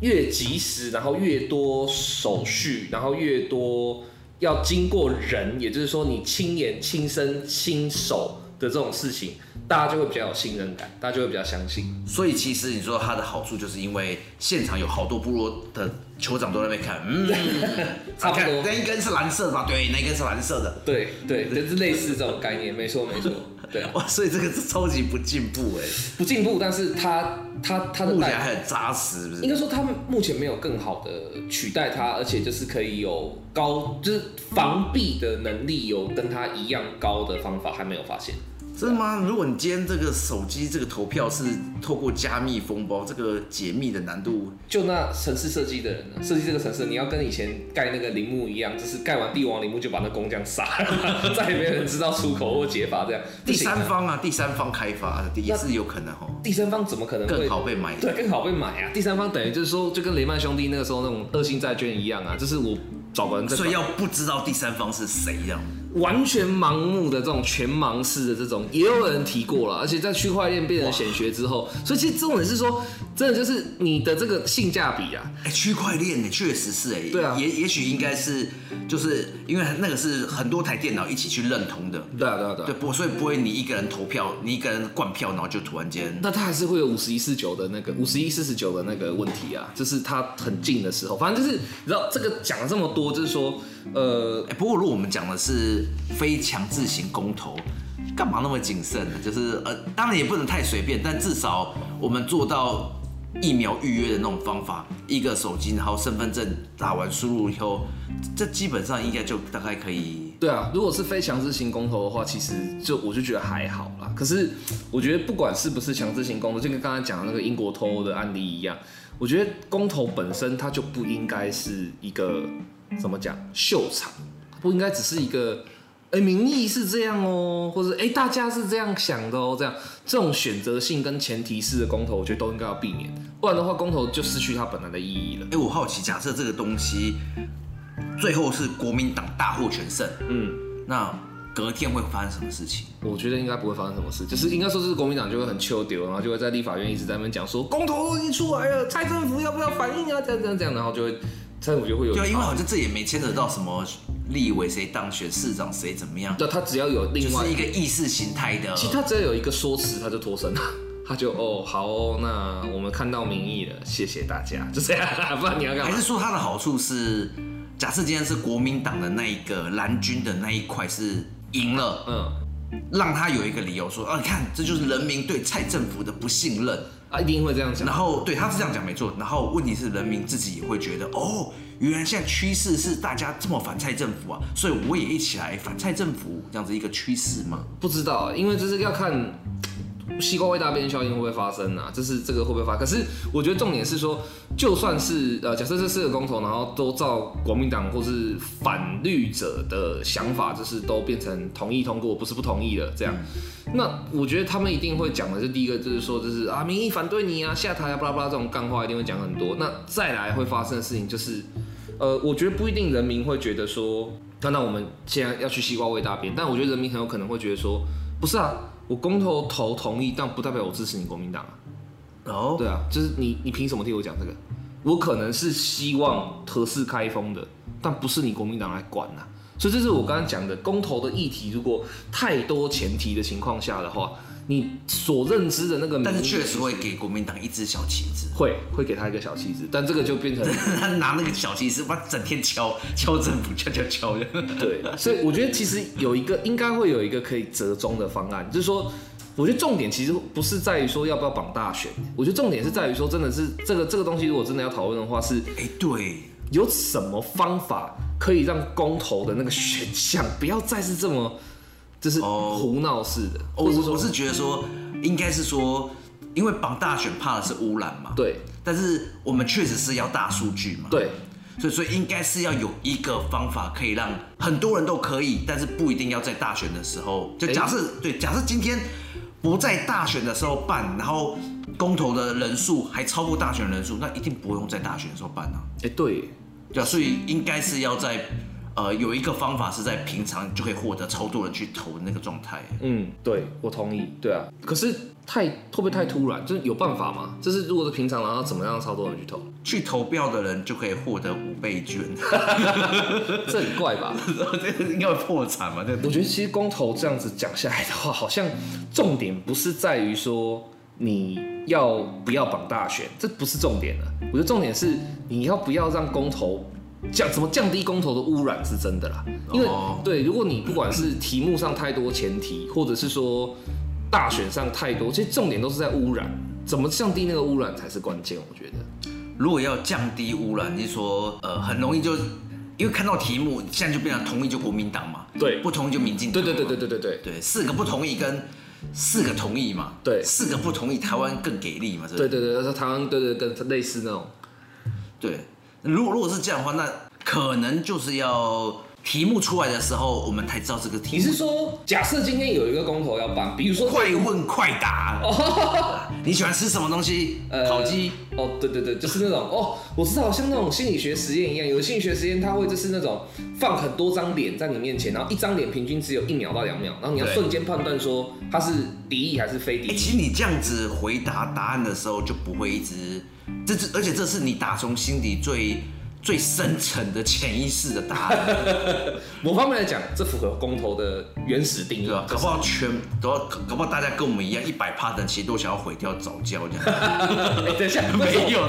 越及時，然後越多手續，然後越多要經過人，也就是說你親眼、親身、親手的這種事情。大家就會比較有信任感，大家就會比較相信。所以其實你說它的好處，就是因為現場有好多部落的酋長都在那邊看，嗯， 差不多、啊。那一根是藍色的吧？對，那根是藍色的。對對，就是類似這種概念， 沒錯沒錯。對、啊，所以這個是超級不進步哎，不進步，但是它它它的目前還很扎實，不是應該說他們目前沒有更好的取代它，而且就是可以有高，就是防弊的能力有跟它一樣高的方法還沒有發現。真的嗎？如果你今天這個手機這個投票是透過加密封包，這個解密的難度，就那城市設計的人，設計這個城市，你要跟以前蓋那個陵墓一樣，就是蓋完帝王陵墓就把那個工匠殺了， 再也沒有人知道出口或解法這樣。啊、第三方啊，第三方開發一、啊、那是有可能哦、喔。第三方怎麼可能更好被買、啊？對，更好被買啊！第三方等於就是說，就跟雷曼兄弟那個時候那種惡性債券一樣啊，就是我找個人，所以要不知道第三方是誰這樣。完全盲目的這種全盲式的這種，也有人提過了，而且在區塊鏈變成顯學之後，哇所以其實重點是說，真的就是你的這個性價比啊，哎、欸，區塊鏈你確實是哎，對啊，也也許應該是就是因為那個是很多台電腦一起去認同的，對啊對啊，對，啊對，對不？所以不會你一個人投票，你一個人灌票，然後就突然間，那它還是會有五十一四九的那個五十一四十九的那個問題啊，就是它很近的時候，反正就是，然後這個講了這麼多，就是說。呃，不過如果我們講的是非強制型公投，幹嘛那麼謹慎呢？就是呃，當然也不能太隨便，但至少我們做到疫苗預約的那種方法，一個手機，然後身份證打完輸入以後，這基本上應該就大概可以。對啊，如果是非強制型公投的話，其實就我就覺得還好啦。可是我覺得不管是不是強制型公投，就跟剛才講的那個英國脫歐的案例一樣，我覺得公投本身它就不應該是一個。怎麼講？秀場不應該只是一個，哎、欸，民意是這樣哦、喔，或者哎、欸，大家是這樣想的哦、喔，這樣這種選擇性跟前提式的公投，我覺得都應該要避免，不然的話，公投就失去它本來的意義了。哎、欸，我好奇，假設這個東西最後是國民黨大獲全勝，嗯，那隔天會發生什麼事情？我覺得應該不會發生什麼事，就、嗯、是應該說是國民黨就會很秋丟，然後就會在立法院一直在那邊講說公投已經出來了，蔡政府要不要反應啊？這樣這樣這樣，然後就會。蔡政府會有對、啊，對好，因為好像這也沒牽扯到什麼立委誰當選，嗯、市長誰怎麼樣。那他只要有另外一個，一個意識形態的，其實他只要有一個說辭，他就脫身了。他就哦好哦，那我們看到民意了，謝謝大家，就這樣。不然你要幹嘛？還是說他的好處是，假設今天是國民黨的那一個藍軍的那一塊是贏了，嗯，讓他有一個理由說，哦你看這就是人民對蔡政府的不信任。啊、一定會這樣講，然後對他是這樣講沒錯，然後問題是人民自己也會覺得哦，原來現在趨勢是大家這麼反蔡政府啊，所以我也一起來反蔡政府，這樣子一個趨勢嘛。不知道，因為就是要看。西瓜偎大邊效應會不會發生啊？就是這個會不會發？可是我覺得重點是說，就算是呃，假設這四個公投，然後都照國民黨或是反綠者的想法，就是都變成同意通過，不是不同意了這樣。嗯、那我覺得他們一定會講的是第一個，就是說，就是啊，民意反對你啊，下台啊，巴拉巴拉這種幹話一定會講很多。那再來會發生的事情就是，呃，我覺得不一定人民會覺得說，那那我們現在要去西瓜偎大邊，但我覺得人民很有可能會覺得說，不是啊。我公投投同意，但不代表我支持你國民黨啊！哦，oh? 對啊，就是你，你憑什麼替我講這個？我可能是希望核四開封的，但不是你國民黨來管啊。所以這是我剛才講的公投的議題，如果太多前提的情況下的話。你所認知的那個名，但是確實會給國民黨一隻小旗子，會會給他一個小旗子，但這個就變成 他拿那個小旗子，把他整天敲敲政府，敲敲敲、敲、敲，對，所以我覺得其實有一個 應該會有一個可以折中的方案，就是說，我覺得重點其實不是在於說要不要綁大選，我覺得重點是在於說，真的是這個這個東西，如果真的要討論的話是，是哎、欸，對，有什麼方法可以讓公投的那個選項不要再是這麼。這是胡鬧似的，我、oh, 是我是覺得說，應該是說，因為綁大選怕的是污染嘛。對，但是我們確實是要大數據嘛。對所，所以所以應該是要有一個方法可以讓很多人都可以，但是不一定要在大選的時候。就假設、欸、對，假設今天不在大選的時候辦，然後公投的人數還超過大選的人數，那一定不用在大選的時候辦啊。哎、欸，對,對、啊，所以應該是要在。呃，有一個方法是在平常就可以獲得超多人去投那個狀態。嗯，對，我同意。對啊，可是太會不會太突然？嗯、就是有辦法嗎？就是如果是平常，然後怎麼樣超多人去投？去投票的人就可以獲得五倍券。 這很怪吧？ 這個應該要破產嗎？這我覺得，其實公投這樣子講下來的話，好像重點不是在於說你要不要綁大選，這不是重點的。我覺得重點是你要不要讓公投。降，怎麼降低公投的污染是真的啦，因為、哦、對，如果你不管是題目上太多前提，或者是說大選上太多，其實重點都是在污染，怎麼降低那個污染才是關鍵。我覺得，如果要降低污染，就是說呃，很容易就因為看到題目，現在就變成同意就國民黨嘛，對，不同意就民進黨，對對對對對對對，對，對四個不同意跟四個同意嘛，對，對，四個不同意台灣更給力嘛，對，對對對，對，說台灣對對，對對跟類似那種，對。如果如果是這樣的話，那可能就是要。題目出來的時候，我們才知道這個題目。你是說，假設今天有一個公投要辦，比如說快問快答。 你喜歡吃什麼東西？呃、烤雞雞。哦，對對對，就是那種哦，我知道，像那種心理學實驗一樣，有的心理學實驗它會就是那種放很多張臉在你面前，然後一張臉平均只有一秒到兩秒，然後你要瞬間判斷說它是敵意還是非敵意。其實你這樣子回答答案的時候，就不會一直，這是而且這是你打從心底最。最深層的潛意識的答案。 我方面來講，這符合公投的原始定義。啊就是、搞不好全都要，搞不好大家跟我們一樣，一百趴的其實都想要毀掉早教這樣。沒有，沒有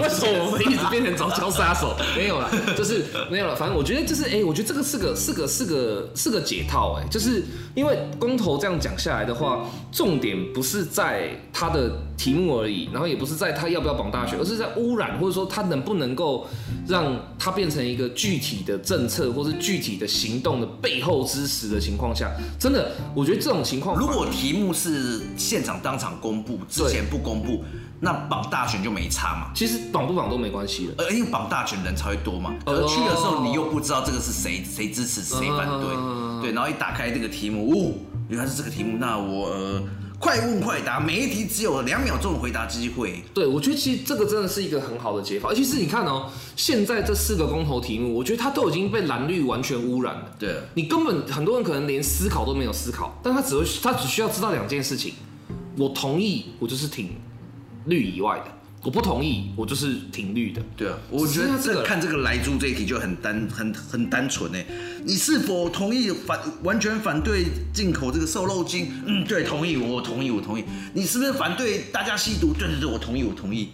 我們一直變成早教殺手。沒有，就是沒有。反正我覺得，就是哎、欸，我覺得這個是個是個是個是個解套哎、欸，就是因為公投這樣講下來的話，重點不是在它的題目而已，然後也不是在它要不要綁大選，而是在污染，或者說它能不能夠讓它變成一個具體的政策或是具體的行動的背後支持的情況下，真的，我覺得這種情況，如果題目是現場當場公布，之前不公布，對那綁大選就沒差嘛。其實綁不綁都沒關係的，呃，因為綁大選人才會多嘛。而去的時候你又不知道這個是誰誰支持誰反對，uh、對，然後一打開這個題目，嗚原來是這個題目，那我呃快問快答，每一題只有兩秒鐘回答機會。對，我覺得其實這個真的是一個很好的解法，尤其是你看哦，現在這四個公投題目，我覺得它都已經被藍綠完全污染了。對，你根本很多人可能連思考都沒有思考，但他只會他只需要知道兩件事情：我同意，我就是挺綠以外的。我不同意，我就是挺綠的。對啊，我覺得這看這個萊豬這一題就很單，很很單純呢。你是否同意反完全反對進口這個瘦肉精？嗯，對，同意我，我同意，我同意。你是不是反對大家吸毒？對對對，我同意，我同意。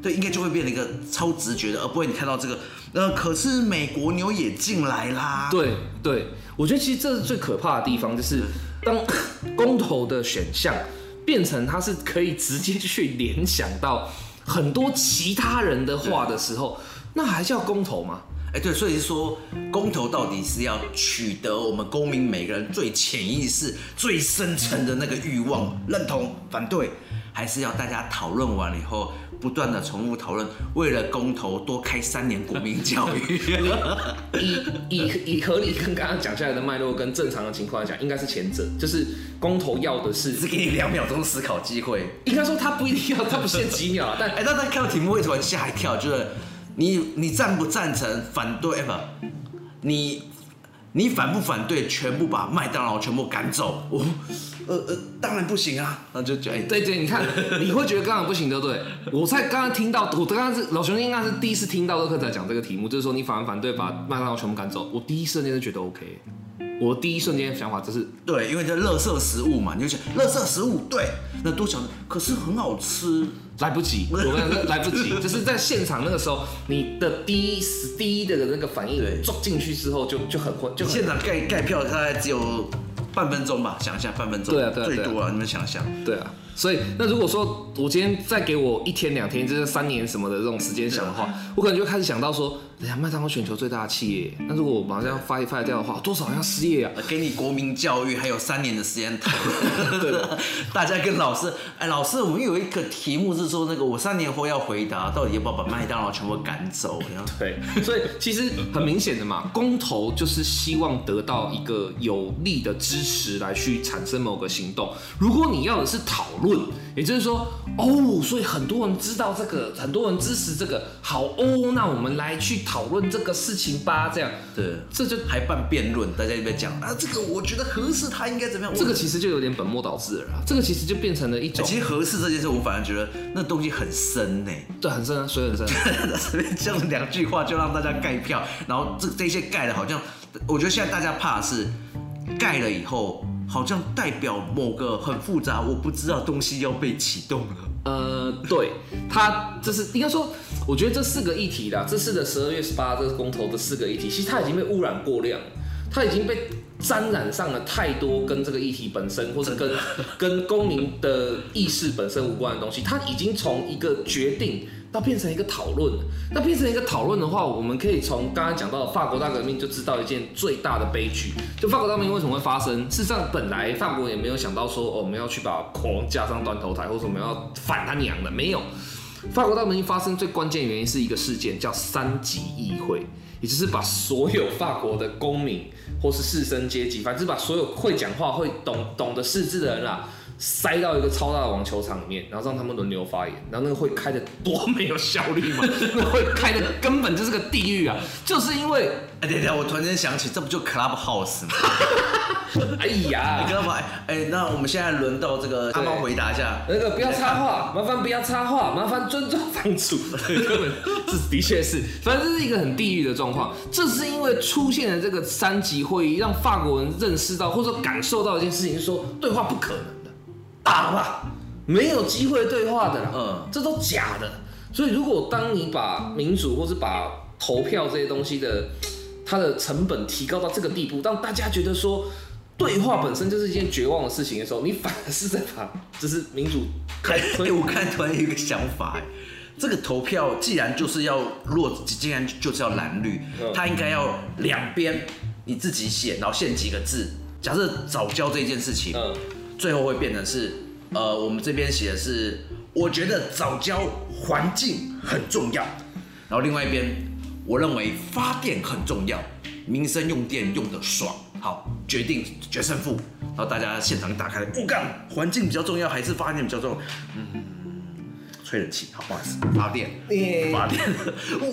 對，應該就會變成一個超直覺的，而不會你看到這個，呃，可是美國牛也進來啦。對對，我覺得其實這是最可怕的地方，就是當公投的選項變成它是可以直接去聯想到很多其他人的話的時候，對 那還叫公投嗎？哎，對，所以說公投到底是要取得我們公民每個人最潛意識、最深層的那個慾望，認同、反對。還是要大家討論完了以後，不斷的重複討論，為了公投多開三年國民教育。 以以以，合理跟剛剛講下來的脈絡跟正常的情況來講，應該是前者，就是公投要的是是給你兩秒鐘思考機會。 應該說他不一定要，他不限幾秒， 但哎、欸，那大家看到題目為什麼嚇一跳？就是你你贊不贊成？反對？嘛，你。你反不反對？全部把麥當勞全部趕走？我，呃呃，當然不行啊。那就覺得對，對對，你看，你會覺得剛剛不行對不對？ 我在剛剛聽到，我剛剛是老兄應該是第一次聽到樂克在講這個題目，就是說你反不反對把麥當勞全部趕走？我第一瞬間就覺得 OK，我第一瞬間想法就是對，因為這垃圾食物嘛，你就想垃圾食物，對，那多想，可是很好吃。來不及，我們來不及， 就是在現場那個時候，你的第一、第一的那個反應，抓進去之後就就很混，就現場蓋蓋票大概只有半分鐘吧，想一下半分鐘，對啊，對啊，對啊、對啊，最多啊，你們想象，對啊。所以，那如果說我今天再給我一天、兩天，就是三年什麼的這種時間想的話，吧我可能就開始想到說，哎呀，麥當勞全球最大的企業，那如果我馬上要發一發掉的話，多少要失業啊？給你國民教育還有三年的時間討論， 對吧 大家跟老師，哎，老師，我們有一個題目是說，那個我三年後要回答，到底要不要把麥當勞全部趕走？然後，對，所以其實很明顯的嘛，公投就是希望得到一個有力的支持來去產生某個行動。如果你要的是討。論，也就是說，哦，所以很多人知道這個，很多人支持這個，好哦，那我們來去討論這個事情吧，這樣，對，這就還辦辯論，大家一邊講啊，這個我覺得合適，他應該怎麼樣？這個其實就有點本末倒置了啦，對這個其實就變成了一種，其實合適這件事，我反而覺得那東西很深呢，對，很深，水很深，這樣兩句話就讓大家蓋票，然後這這些蓋的好像，我覺得現在大家怕的是蓋了以後。好像代表某個很複雜，我不知道東西要被啟動了。呃，對，它這是應該說，我覺得這四個議題啦，這次的十二月十八這個公投的四個議題，其實它已經被污染過量，它已經被沾染上了太多跟這個議題本身或者跟 跟公民的意識本身無關的東西，它已經從一個決定。那變成一個討論，那變成一個討論的話，我們可以從剛剛講到的法國大革命就知道一件最大的悲劇，就法國大革命為什麼會發生？事實上，本來法國也沒有想到說，哦，我們要去把國王架上斷頭台，或者我們要反他娘的，沒有。法國大革命發生最關鍵原因是一個事件，叫三級議會，也就是把所有法國的公民或是士紳階級，反正把所有會講話、會懂懂得識字的人啊。塞到一個超大的網球場裡面，然後讓他們輪流發言，然後那個會開的多沒有效率嘛？那會開的根本就是個地獄啊！就是因為，對對、欸，我突然間想起，這不就 Clubhouse 嗎？ 哎呀，你幹嘛？哎哎，那我們現在輪到這個，麻煩對回答一下。那個不要插話，麻煩不要插話，麻煩尊重房主。這 的確是，反正這是一個很地獄的狀況。這是因為出現了這個三級會議，讓法國人認識到或者說感受到一件事情，是說對話不可能。打了、啊、吧，沒有機會對話的啦，嗯，這都假的。所以如果當你把民主或是把投票這些東西的，它的成本提高到這個地步，當大家覺得說對話本身就是一件絕望的事情的時候，你反而是在把這是民主。哎、欸，我看突然有一個想法、欸，這個投票既然就是要落，既然就是要藍綠，嗯、它應該要兩邊你自己寫，然後限幾個字。假設藻礁這件事情，嗯。最後會變成是，呃，我們這邊寫的是，我覺得藻礁環境很重要，然後另外一邊，我認為發電很重要，民生用電用得爽，好，決定決勝負，然後大家現場打開，不管，環境比較重要還是發電比較重要？嗯。被人氣，好，不好意思，發電，Yeah. 發電，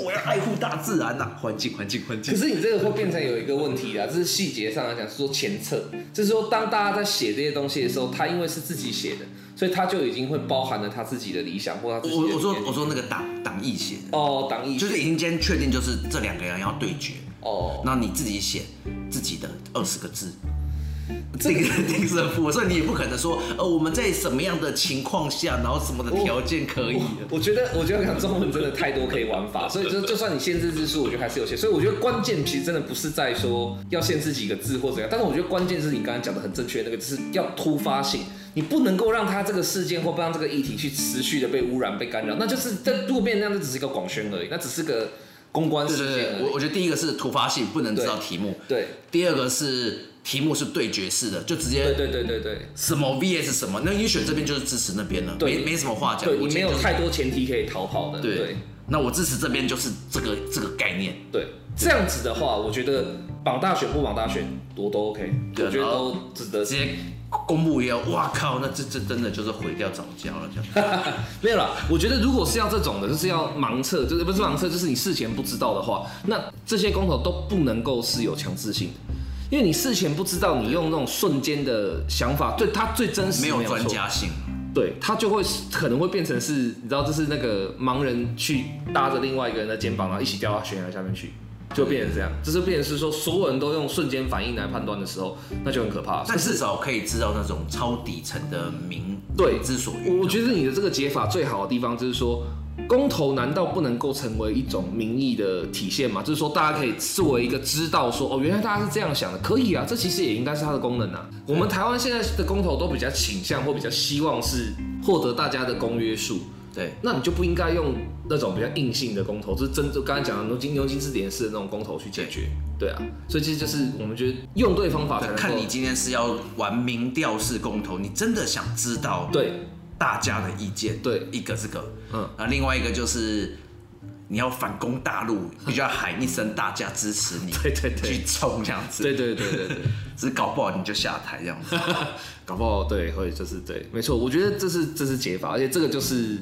我要愛護大自然吶、啊，環境，環境，環境。可是你這個會變成有一個問題啊，這 是細節上來講，就是說前策，就是說當大家在寫這些東西的時候，他因為是自己寫的，所以他就已經會包含了他自己的理想或他自己的理想，我。我我說我說那個黨黨意寫哦，黨意、oh, 就是已經確定，就是這兩個人要對決哦，那、oh. 你自己寫自己的二十個字。這個定勝負，我 你也不可能說，呃，我們在什麼樣的情況下，然後什麼的條件可以我我？我覺得，我覺得講中文真的太多可以玩法， 所以就就算你限制字數，我覺得還是有些。所以我覺得關鍵其實真的不是在說要限制幾個字或者怎樣，但是我覺得關鍵是你剛才講的很正確的那個，就是要突發性，你不能夠讓它這個事件或讓這個議題去持續的被污染、被干擾，那就是在路邊那樣，那只是一個廣宣而已，那只是個公關事件。對對對，我我覺得第一個是突發性，不能知道題目。對，對第二個是。題目是對決式的，就直接對對對對什麼 VS 什麼，那你選這邊就是支持那邊了，對，沒沒什麼話講，對，就是，你沒有太多前提可以逃跑的，對，對那我支持這邊就是這個這個概念，對，對吧這樣子的話，我覺得綁大選不綁大選我都，都 OK，對，我覺得都值得直接公布一下，哇靠，那這這真的就是毀掉早教了，這樣， 沒有啦，我覺得如果是要這種的，就是要盲測，就是不是盲測，就是你事前不知道的話，那這些公投都不能夠是有強制性的。因為你事前不知道，你用那種瞬間的想法，對，對他最真實，沒有專家性，對他就會可能會變成是，你知道，這是那個盲人去搭着另外一個人的肩膀，然後一起掉到懸崖下面去。就變成這樣，就是變成是說所有人都用瞬間反應來判斷的時候，那就很可怕。但至少可以知道那種超底層的民之所欲。對。我覺得你的這個解法最好的地方就是說，公投難道不能夠成為一種民意的體現嗎？就是說大家可以作為一個知道說，哦，原來大家是這樣想的，可以啊，這其實也應該是它的功能啊。我們台灣現在的公投都比較傾向或比較希望是獲得大家的公約數。對，那你就不應該用那種比較硬性的公投，就是真就剛才講的牛津牛津字典式的那種公投去解決，對，對啊，所以其實就是我們覺得用對方法對，看你今天是要玩民調式公投，你真的想知道對大家的意見，對一個這個，嗯，啊，另外一個就是。你要反攻大陸，你就要喊一聲大家支持你，對對對，去衝這樣子，對對對對，只是搞不好你就下台這樣子，搞不好， 搞不好對會就是對，沒錯，我覺得這是這是解法，而且這個就是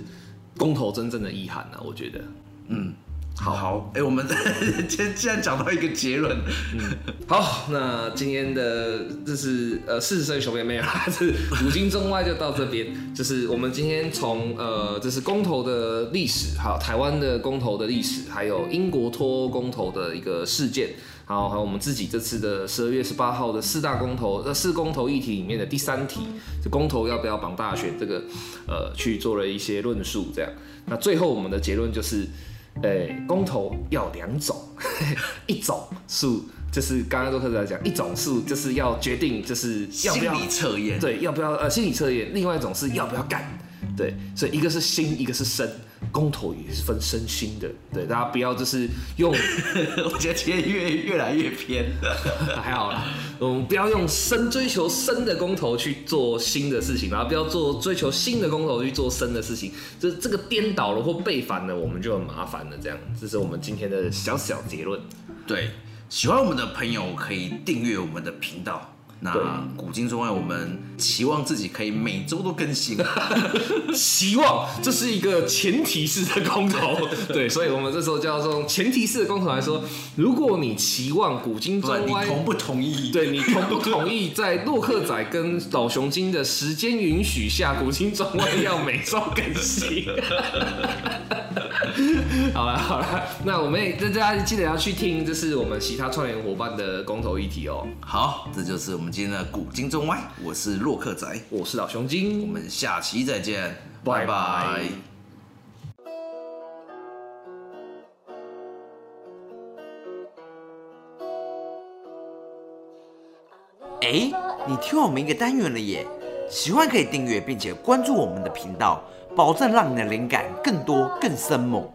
公投真正的意涵啊。我覺得，嗯。好好，哎、欸，我們今天既然講到一個結論，嗯，好，那今天的這是呃四十歲窮爺妹啦，沒有，這是古今中外就到這邊， 就是我們今天從呃這是公投的歷史，好，台灣的公投的歷史，還有英國脫歐公投的一個事件，然後還有我們自己這次的十二月十八號的四大公投呃四公投議題裡面的第三題，這公投要不要綁大選，這個呃去做了一些論述，這樣，那最後我們的結論就是。誒，公投、欸、要兩種, 一種剛剛，一種是就是剛剛特別來講，一種是就是要決定就是要不要心理測驗，對，要不要呃心理測驗，另外一種是要不要幹。對，所以一個是心，一個是身，公投也是分身心的。對，大家不要就是用 我，我覺得今天越越來越偏， 還好啦。我們不要用身追求生的公投去做新的事情，然後不要做追求新的公投去做生的事情，就這個顛倒了或背反了，我們就很麻煩了。這樣，這是我們今天的小小結論。對，喜歡我們的朋友可以訂閱我們的頻道。那古今中外，我們期望自己可以每周都更新，希 望這是一個前提式的公投， 對，所以我們這時候叫做前提式的公投來說，嗯、如果你期望古今中外同不同意，對你同不同意在洛克仔跟老熊精的時間允許下，古今中外要每周更新？ 好了好了，那我們也大家記得要去聽，這是我們其他串聯夥伴的公投議題哦、喔。好，這就是我們。我今天古今中外，我是洛克仔，我是老熊精，我們下期再見，拜拜。哎拜、欸，你聽我們一個單元了耶，喜歡可以訂閱並且關注我們的頻道，保證讓你的靈感更多更生猛。